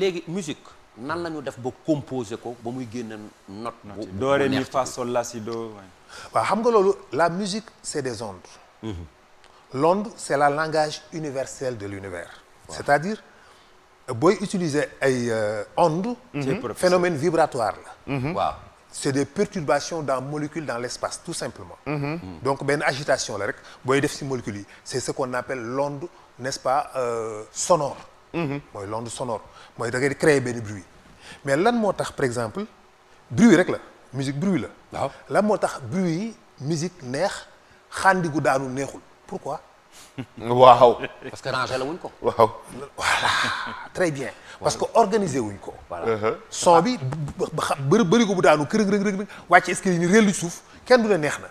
léegi musique nan la ñu def ba composer ko ba muy génn note bu do ré la si do waaw xam nga loolu la musique c'est des ondes mm -hmm. l'onde c'est la langage universel de l'univers wow. c'est-à-dire booy utiliser ay euh, ondes mhm. phénomène vibratoire la mm -hmm. waaw c'est des perturbations dans molécules dans l'espace tout simplement mm -hmm. donc agitation la rek booy def ci molécules yi c'est ce qu'on appelle l'onde n'est-ce pas euh, sonore mooy l'onde sonore mooy da ngay créer benn bruit mais lan moo tax par exemple bruit rek la musique bruit la. waaw lan moo tax bruit yi musique neex xàndigu daanu neexul pourquoi. waaw. parce que rangé la wuñ ko. waaw bien. parce que organiser wuñ ko. voilà uh-huh. son bi bëri bëri ko bu daanu kër rëg rëg rëg wàcc est-ce que ni réel suuf kenn du ne neex na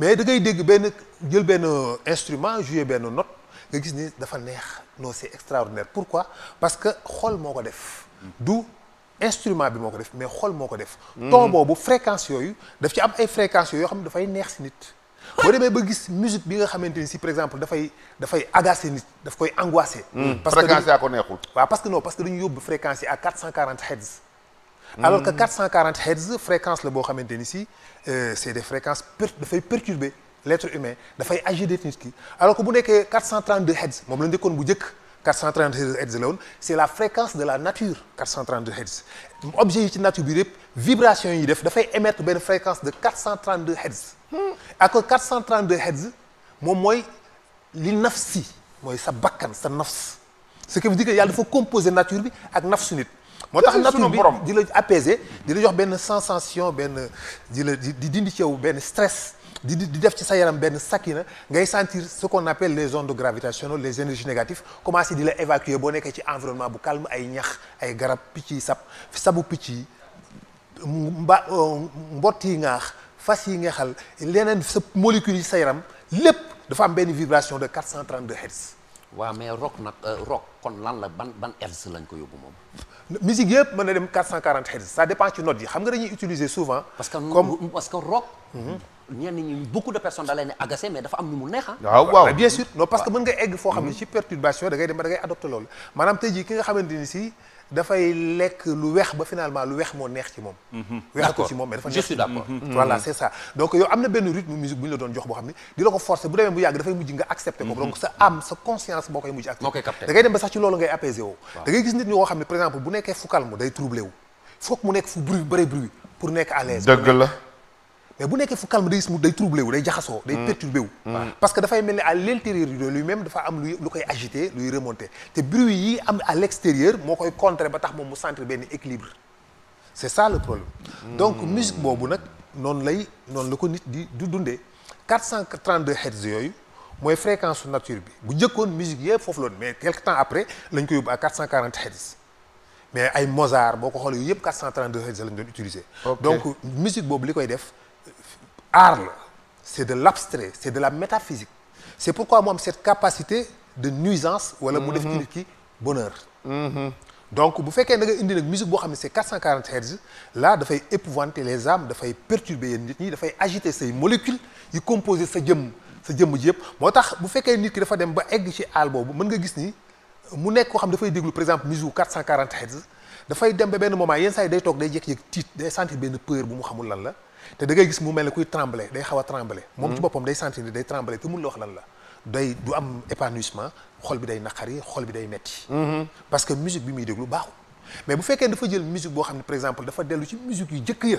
mais dangay dégg benn jël benn instrument jouer benn not nga gis ni dafa neex non c'est extraordinaire pourquoi parce que xol moo ko def du instrument bi moo ko def mais xol moo ko def mhm. ton bu fréquence yooyu daf ci am ay fréquence yoo xam ne dafay neex nit boo demee ba gis musique bi nga xamante ni si par exemple dafay dafay agacé nit daf koy angoissé mhm. parce que fréquence yaa ko neexul waaw parce que non parce que dañu yóbbu fréquence yi à 440 hertz mhm. alors que 440 hertz fréquence la boo xamante ni si euh, c'est de fréquences per dafay perturbé l'être humain dafay agir nit ki alors que bu nekkee 432 hertz moom la njëkkoon bu jëkk 432 hertz la woon c'est la fréquence de la nature 432 hertz objet yi ci nature bi yëpp vibration yi def dafay émettre benn fréquence de 432 hertz ak 432 hertz moom mooy li si mooy sa bakkan sa nafs ce qui veut dire que yàlla dafa composer nature bi ak nafsu nit moo tax nature bi di la apaiser di la jox benn sensation benn di la di dindi ci yow benn stress di di def ci sa yaram benn sakina ngay sentir ce qu'on appelle les de gravitationnelles les énergies négatives commencé di la évacuer boo nekkee ci environnement bu calme ay ñax ay garab picc yi sab sabu picc yi mba euh, mbott yi ŋaax fas yi ngexal leneen sa molécule yi sa yaram lépp dafa am benn vibration de 432 hertz. waaw mais rock nag euh, rock. kon lan la ban ban hertz lañ ko yóbbu moom. musique yëpp mën na dem 440 hertz ça dépend ci note yi xam nga dañuy utiliser souvent. parce que mu neex ah. ah parce que mën nga egg foo xam ne mhm. ci perturbation da dem ba da ngay loolu maanaam tey ki nga xamante ni si. dafay lekk lu weex ba finalement lu weex moo neex ci moom. Mhm. weex ko ci moom mais dafa neex je suis d'accord. Mhm. voilà c'est ça donc yow am na benn rythme musique bu ko forcer bu demee bu loolu ngay apaisé woo da ngay gis nit ñoo xam ne par exemple bu nekkee fu calme day troublé wu foog mu nekk fu bruit bëri bruit pour nekk à l'aise dëgg la mais bu nekkee fu calme day gis day wu day jaxasoo day hmm. perturbé wu hmm. parce que dafay mel ni à l'intérieur de lui-même dafa am lu koy agité luy remonté te bruit yi am à l'extérieur moo koy contrer ba tax moom mu centre benn équilibre c'est ça le problème hmm. donc musique boobu nag noonu lay noonu la ko nit di du dundee 432 hertz yooyu mooy fréquence su nature bi bu njëkkoon musique yëpp foofu loon mais quelque temps après lañ ko yóbbu à 440 mais ay Mozart boo ko xoolee yooyu yëpp 432 hertz lañ doon utiliser donc musique boobu li koy def art la c'est de l'abstrait c'est de la métaphysique c'est pourquoi mu am cette capacité de nuisance wala mu def kii mhm. nit bonheur mhm. donc bu fekkee da nga indi nag musique boo xam ne c'est 440 hertz là dafay épouvanter les âmes dafay perturber yenn nit ñi dafay agiter say molécules yi composer sa jëmm sa jëmm ji yëpp moo tax bu fekkee nit ki dafa dem ba egg ci àll boobu mën nga gis ni mu nekk koo xam dafay déglu par exemple musique 440 hertz dafay dem ba benn moment yenn saa yi day toog day jékki-jékki tiit day sentir benn peur bu mu xamul lan la te da gis mu mel ne kuy trembler day xaw a trembler moom ci boppam day sentir ni day trembler te mun la wax lan la day du am épanouissement xol bi day naqari xol bi day metti mhm. parce que musique bi muy déglu baaxul mais bu fekkee dafa jël musique boo xam ne par exemple dafa dellu ci musique jëkk ya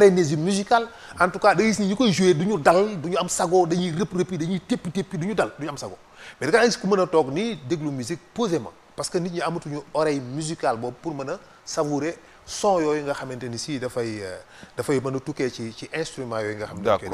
frénésie musicale en tout cas da gis ni ñu koy joué du ñu dal du ñu am sago dañuy rëpp rëppi dañuy téppi téppi du ñu dal du ñu am sago mais da nga gis ku mën a toog nii déglu musique posément parce que nit ñi amatuñu oreille musicale boobu pour mën a savourer son yooyu nga xamante ni si dafay euh, dafay mën a tukkee ci ci instrument yooyu nga xam ne